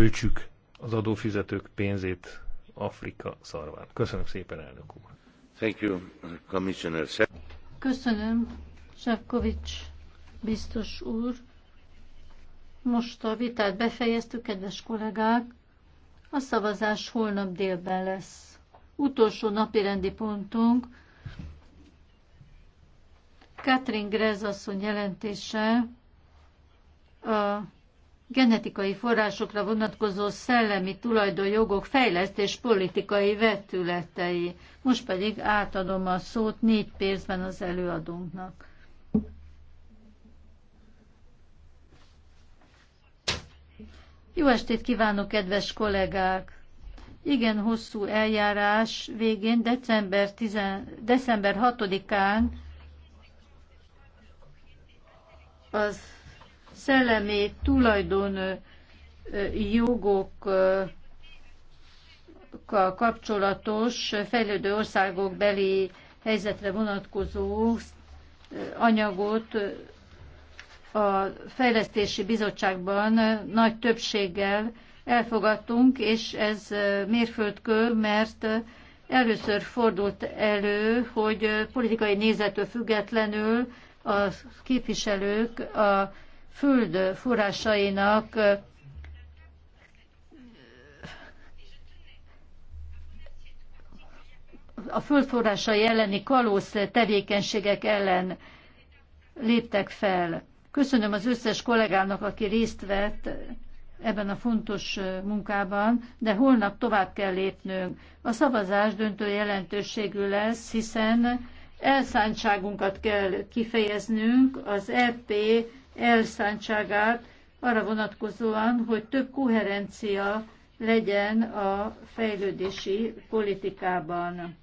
öltsük az adófizetők pénzét Afrika szarván. Köszönöm szépen, elnök úr. Thank you, Commissioner. Köszönöm, Sefkovics biztos úr. Most a vitát befejeztük, kedves kollégák. A szavazás holnap délben lesz. Utolsó napi rendi pontunk. Katrin Grez asszony jelentése a genetikai forrásokra vonatkozó szellemi tulajdonjogok fejlesztés politikai vetületei. Most pedig átadom a szót négy percben az előadónknak. Jó estét kívánok, kedves kollégák! Igen, hosszú eljárás végén, december, 10, december 6-án az szellemi tulajdon jogokkal kapcsolatos fejlődő országok beli helyzetre vonatkozó anyagot a Fejlesztési Bizottságban nagy többséggel elfogadtunk, és ez mérföldkő, mert először fordult elő, hogy politikai nézetől függetlenül a képviselők a föld forrásainak a földforrásai elleni kalóz tevékenységek ellen léptek fel. Köszönöm az összes kollégának, aki részt vett ebben a fontos munkában, de holnap tovább kell lépnünk. A szavazás döntő jelentőségű lesz, hiszen elszántságunkat kell kifejeznünk az EP elszántságát arra vonatkozóan, hogy több koherencia legyen a fejlődési politikában.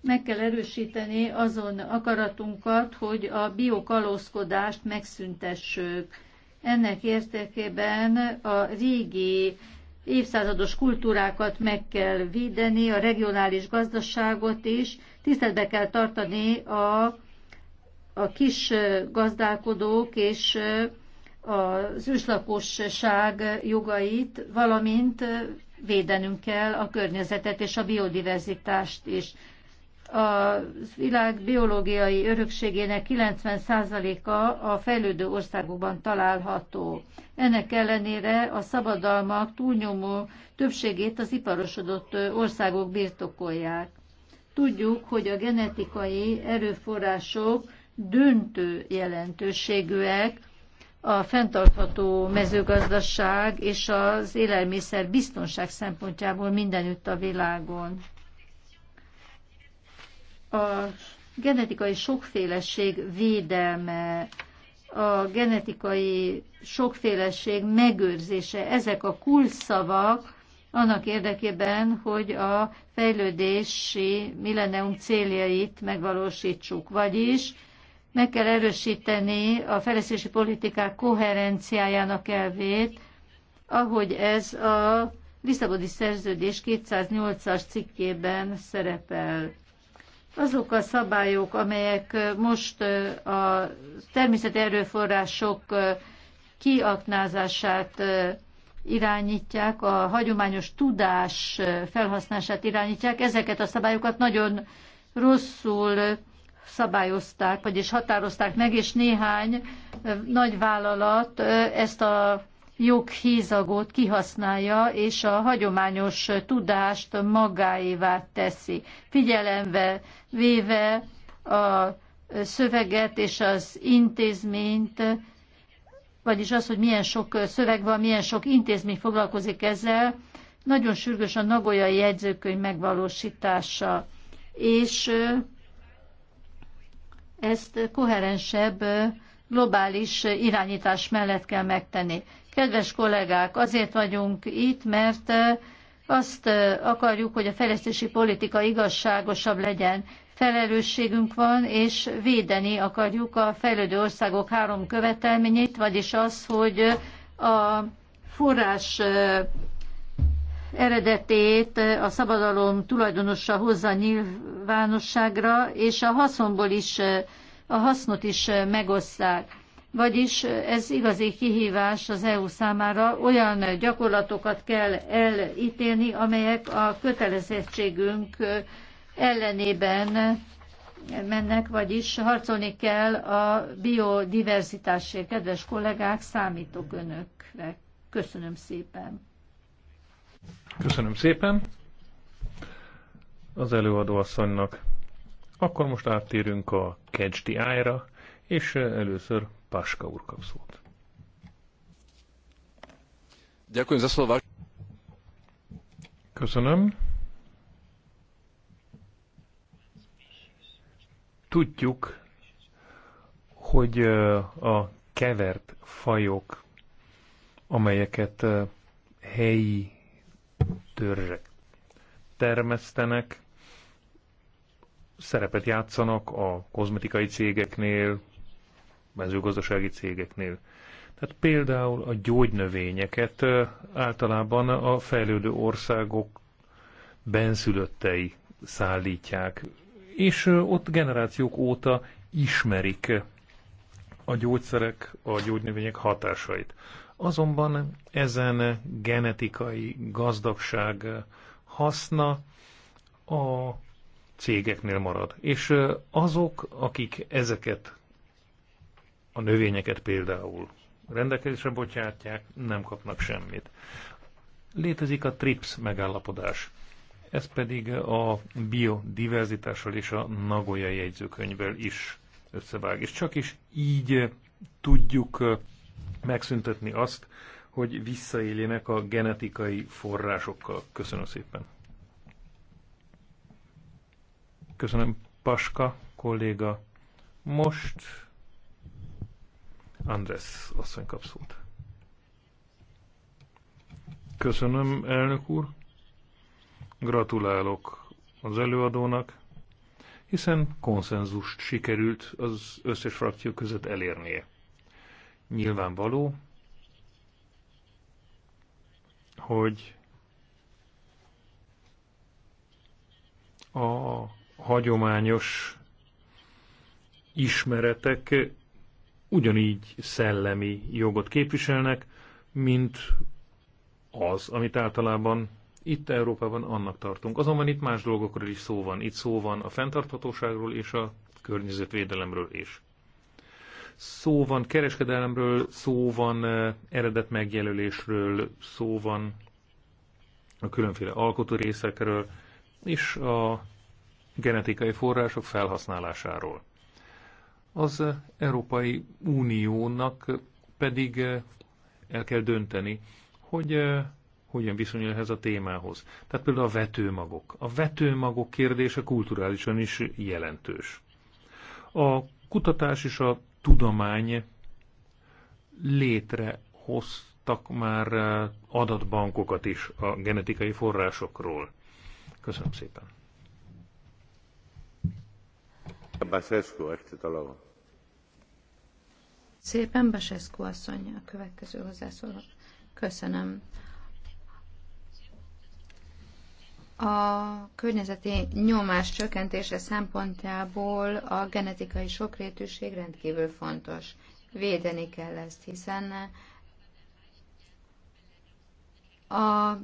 Meg kell erősíteni azon akaratunkat, hogy a biokalózkodást megszüntessük. Ennek értékében a régi évszázados kultúrákat meg kell védeni, a regionális gazdaságot is, tiszteletbe kell tartani a a kis gazdálkodók és az őslakosság jogait, valamint védenünk kell a környezetet és a biodiverzitást is. A világ biológiai örökségének 90%-a a fejlődő országokban található. Ennek ellenére a szabadalmak túlnyomó többségét az iparosodott országok birtokolják. Tudjuk, hogy a genetikai erőforrások döntő jelentőségűek a fenntartható mezőgazdaság és az élelmiszer biztonság szempontjából mindenütt a világon. A genetikai sokféleség védelme, a genetikai sokféleség megőrzése, ezek a kulszavak annak érdekében, hogy a fejlődési millenium céljait megvalósítsuk. Vagyis meg kell erősíteni a fejlesztési politikák koherenciájának elvét, ahogy ez a Lisszaboni szerződés 208-as cikkében szerepel. Azok a szabályok, amelyek most a természeti erőforrások kiaknázását irányítják, a hagyományos tudás felhasználását irányítják, ezeket a szabályokat nagyon rosszul szabályozták, vagyis határozták meg, és néhány nagy vállalat ezt a joghízagot kihasználja, és a hagyományos tudást magáévá teszi. Figyelembe véve a szöveget és az intézményt, vagyis az, hogy milyen sok szöveg van, milyen sok intézmény foglalkozik ezzel, nagyon sürgős a Nagoya jegyzőkönyv megvalósítása. És ezt koherensebb globális irányítás mellett kell megtenni. Kedves kollégák, azért vagyunk itt, mert azt akarjuk, hogy a fejlesztési politika igazságosabb legyen. Felelősségünk van, és védeni akarjuk a fejlődő országok három követelményét, vagyis az, hogy a forrás eredetét a szabadalom tulajdonosa hozza nyilvánosságra, és a haszonból is, a hasznot is megosztják, Vagyis ez igazi kihívás az EU számára, olyan gyakorlatokat kell elítélni, amelyek a kötelezettségünk ellenében mennek, vagyis harcolni kell a biodiverzitásért. Kedves kollégák, számítok önökre. Köszönöm szépen. Köszönöm szépen az előadóasszonynak. Akkor most áttérünk a Kecsdi ra és eh, először Paska úr kap szót. Köszönöm. Tudjuk, hogy eh, a kevert fajok, amelyeket eh, helyi törzsek termesztenek, szerepet játszanak a kozmetikai cégeknél, mezőgazdasági cégeknél. Tehát például a gyógynövényeket általában a fejlődő országok benszülöttei szállítják, és ott generációk óta ismerik a gyógyszerek, a gyógynövények hatásait. Azonban ezen genetikai gazdagság haszna a cégeknél marad. És azok, akik ezeket a növényeket például rendelkezésre bocsátják, nem kapnak semmit. Létezik a TRIPS megállapodás. Ez pedig a biodiverzitással és a Nagoya jegyzőkönyvvel is összevág. És csak is így eh, tudjuk eh, megszüntetni azt, hogy visszaéljenek a genetikai forrásokkal. Köszönöm szépen. Köszönöm, Paska kolléga. Most Andres asszony kap szót. Köszönöm, elnök úr. Gratulálok az előadónak hiszen konszenzust sikerült az összes frakció között elérnie. Nyilvánvaló, hogy a hagyományos ismeretek ugyanígy szellemi jogot képviselnek, mint az, amit általában itt Európában annak tartunk. Azonban itt más dolgokról is szó van. Itt szó van a fenntarthatóságról és a környezetvédelemről is. Szó van kereskedelemről, szó van eh, eredet megjelölésről, szó van a különféle alkotórészekről és a genetikai források felhasználásáról. Az eh, Európai Uniónak pedig eh, el kell dönteni, hogy hogyan viszonyul ehhez a témához. Tehát például a vetőmagok. A vetőmagok kérdése kulturálisan is jelentős. A kutatás és a tudomány létrehoztak már eh, adatbankokat is a genetikai forrásokról. Köszönöm szépen. Szépen Basescu asszony a következő hozzászóló. Köszönöm. A környezeti nyomás csökkentése szempontjából a genetikai sokrétűség rendkívül fontos. Védeni kell ezt, hiszen a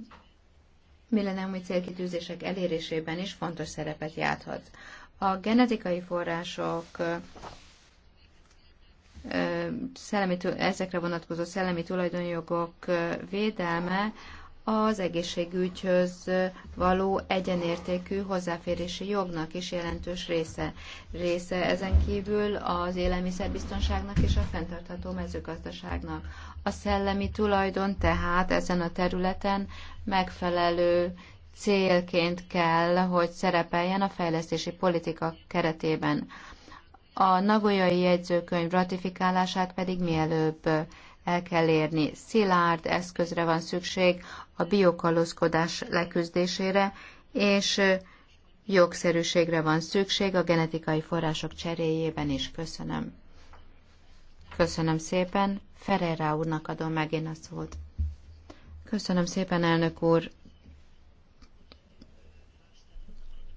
millenniumi célkitűzések elérésében is fontos szerepet játhat. A genetikai források szellemi, ezekre vonatkozó szellemi tulajdonjogok védelme az egészségügyhöz való egyenértékű hozzáférési jognak is jelentős része. Része ezen kívül az élelmiszerbiztonságnak és a fenntartható mezőgazdaságnak. A szellemi tulajdon tehát ezen a területen megfelelő célként kell, hogy szerepeljen a fejlesztési politika keretében. A Nagoyai jegyzőkönyv ratifikálását pedig mielőbb el kell érni. Szilárd eszközre van szükség a biokalózkodás leküzdésére, és jogszerűségre van szükség a genetikai források cseréjében is. Köszönöm. Köszönöm szépen. Ferreira úrnak adom meg én a szót. Köszönöm szépen, elnök úr.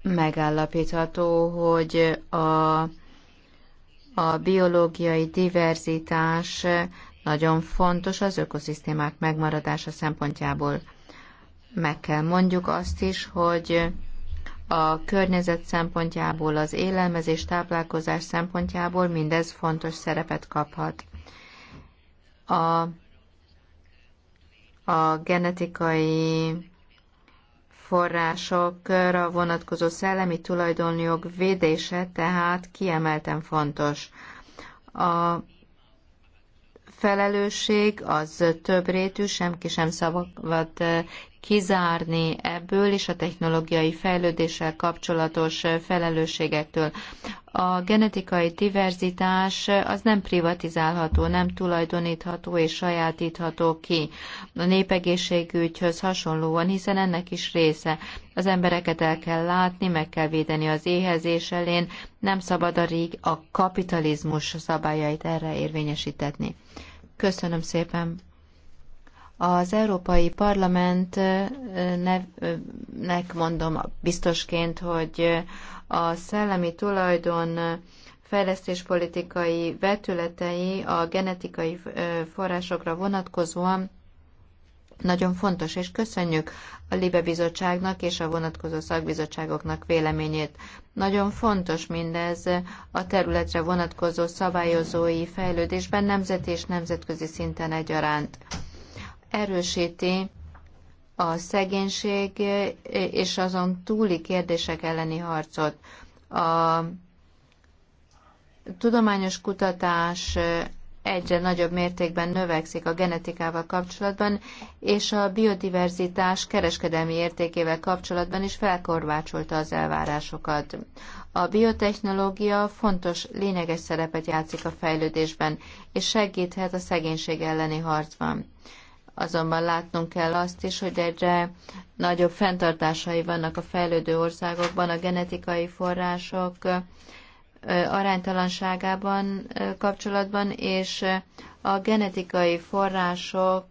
Megállapítható, hogy a, a biológiai diverzitás nagyon fontos az ökoszisztémák megmaradása szempontjából. Meg kell mondjuk azt is, hogy a környezet szempontjából, az élelmezés, táplálkozás szempontjából mindez fontos szerepet kaphat. A, a genetikai forrásokra vonatkozó szellemi tulajdonjog védése tehát kiemelten fontos. A felelősség az több rétű, semki sem szabad kizárni ebből, és a technológiai fejlődéssel kapcsolatos felelősségektől. A genetikai diverzitás az nem privatizálható, nem tulajdonítható és sajátítható ki a népegészségügyhöz hasonlóan, hiszen ennek is része. Az embereket el kell látni, meg kell védeni az éhezés elén, nem szabad a rég a kapitalizmus szabályait erre érvényesítetni. Köszönöm szépen. Az Európai Parlamentnek mondom biztosként, hogy a szellemi tulajdon fejlesztéspolitikai vetületei a genetikai forrásokra vonatkozóan nagyon fontos, és köszönjük a Libe Bizottságnak és a vonatkozó szakbizottságoknak véleményét. Nagyon fontos mindez a területre vonatkozó szabályozói fejlődésben nemzeti és nemzetközi szinten egyaránt. Erősíti a szegénység és azon túli kérdések elleni harcot. A tudományos kutatás egyre nagyobb mértékben növekszik a genetikával kapcsolatban, és a biodiverzitás kereskedelmi értékével kapcsolatban is felkorvácsolta az elvárásokat. A biotechnológia fontos, lényeges szerepet játszik a fejlődésben, és segíthet a szegénység elleni harcban. Azonban látnunk kell azt is, hogy egyre nagyobb fenntartásai vannak a fejlődő országokban a genetikai források, aránytalanságában kapcsolatban, és a genetikai források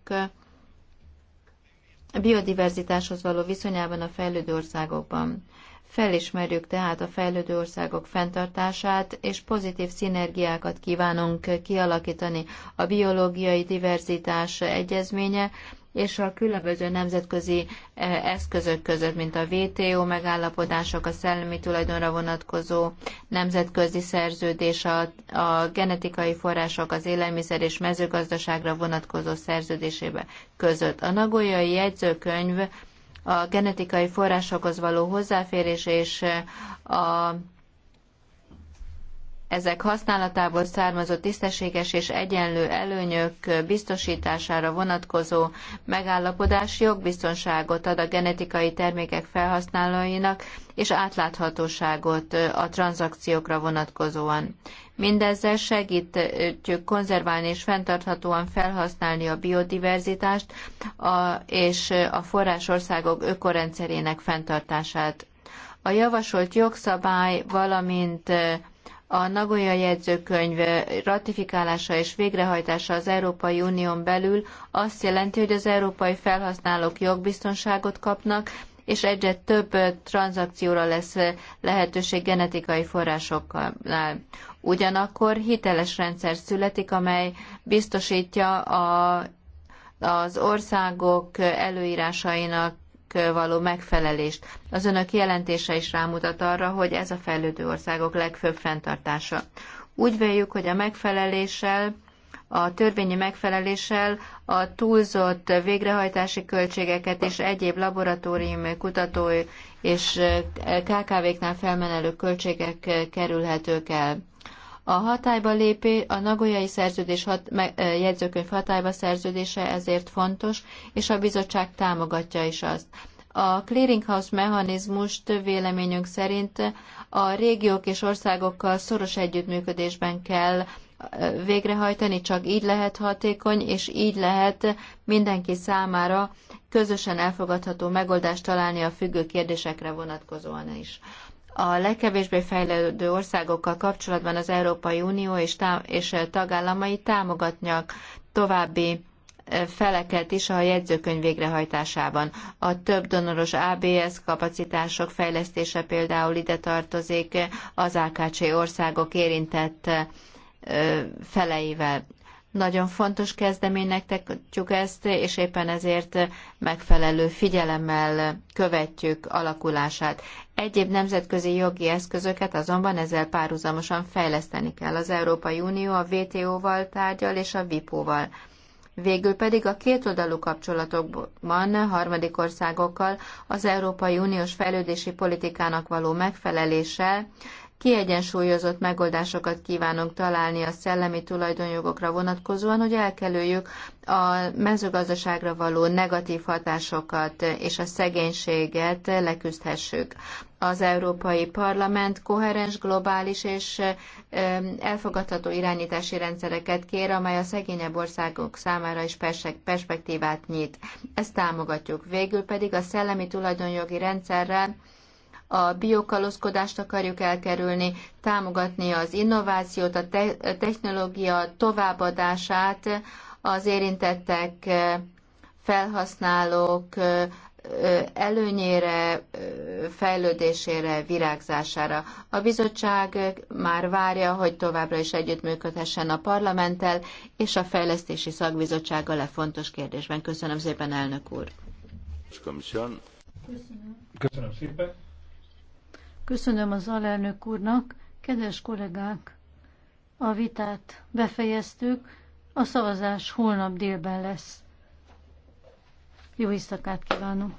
biodiverzitáshoz való viszonyában a fejlődő országokban. Felismerjük tehát a fejlődő országok fenntartását, és pozitív szinergiákat kívánunk kialakítani. A biológiai diverzitás egyezménye és a különböző nemzetközi e, eszközök között, mint a WTO megállapodások, a szellemi tulajdonra vonatkozó nemzetközi szerződés, a, a genetikai források, az élelmiszer és mezőgazdaságra vonatkozó szerződésébe között. A Nagoyai jegyzőkönyv a genetikai forrásokhoz való hozzáférés és e, a ezek használatából származó tisztességes és egyenlő előnyök biztosítására vonatkozó megállapodás jogbiztonságot ad a genetikai termékek felhasználóinak, és átláthatóságot a tranzakciókra vonatkozóan. Mindezzel segítjük konzerválni és fenntarthatóan felhasználni a biodiverzitást a, és a forrásországok ökorendszerének fenntartását. A javasolt jogszabály, valamint a Nagoya jegyzőkönyv ratifikálása és végrehajtása az Európai Unión belül azt jelenti, hogy az európai felhasználók jogbiztonságot kapnak, és egyre több tranzakcióra lesz lehetőség genetikai forrásoknál. Ugyanakkor hiteles rendszer születik, amely biztosítja a, az országok előírásainak való megfelelést. Az önök jelentése is rámutat arra, hogy ez a fejlődő országok legfőbb fenntartása. Úgy véljük, hogy a megfeleléssel a törvényi megfeleléssel a túlzott végrehajtási költségeket és egyéb laboratórium kutatói és eh, KKV-knál felmenelő költségek eh, kerülhetők el. A hatályba lépé, a Nagoyai szerződés hat, jegyzőkönyv hatályba szerződése ezért fontos, és a bizottság támogatja is azt. A clearinghouse mechanizmust véleményünk szerint a régiók és országokkal szoros együttműködésben kell végrehajtani, csak így lehet hatékony, és így lehet mindenki számára közösen elfogadható megoldást találni a függő kérdésekre vonatkozóan is a legkevésbé fejlődő országokkal kapcsolatban az Európai Unió és, tá- és eh, tagállamai támogatnak további eh, feleket is a jegyzőkönyv végrehajtásában. A több donoros ABS kapacitások fejlesztése például ide tartozik az AKC országok érintett eh, feleivel. Nagyon fontos kezdeménynek tekintjük ezt, és éppen ezért megfelelő figyelemmel követjük alakulását. Egyéb nemzetközi jogi eszközöket azonban ezzel párhuzamosan fejleszteni kell. Az Európai Unió a WTO-val tárgyal és a VIPO-val. Végül pedig a kétoldalú kapcsolatokban harmadik országokkal az Európai Uniós fejlődési politikának való megfeleléssel kiegyensúlyozott megoldásokat kívánunk találni a szellemi tulajdonjogokra vonatkozóan, hogy elkerüljük a mezőgazdaságra való negatív hatásokat és a szegénységet leküzdhessük. Az Európai Parlament koherens, globális és elfogadható irányítási rendszereket kér, amely a szegényebb országok számára is perspektívát nyit. Ezt támogatjuk. Végül pedig a szellemi tulajdonjogi rendszerrel a biokalózkodást akarjuk elkerülni, támogatni az innovációt, a te- technológia továbbadását az érintettek felhasználók előnyére, fejlődésére, virágzására. A bizottság már várja, hogy továbbra is együttműködhessen a parlamenttel és a fejlesztési szakbizottsággal a e fontos kérdésben. Köszönöm szépen, elnök úr! Köszönöm. Köszönöm szépen. Köszönöm az alelnök úrnak, kedves kollégák! A vitát befejeztük, a szavazás holnap délben lesz. Jó éjszakát kívánok!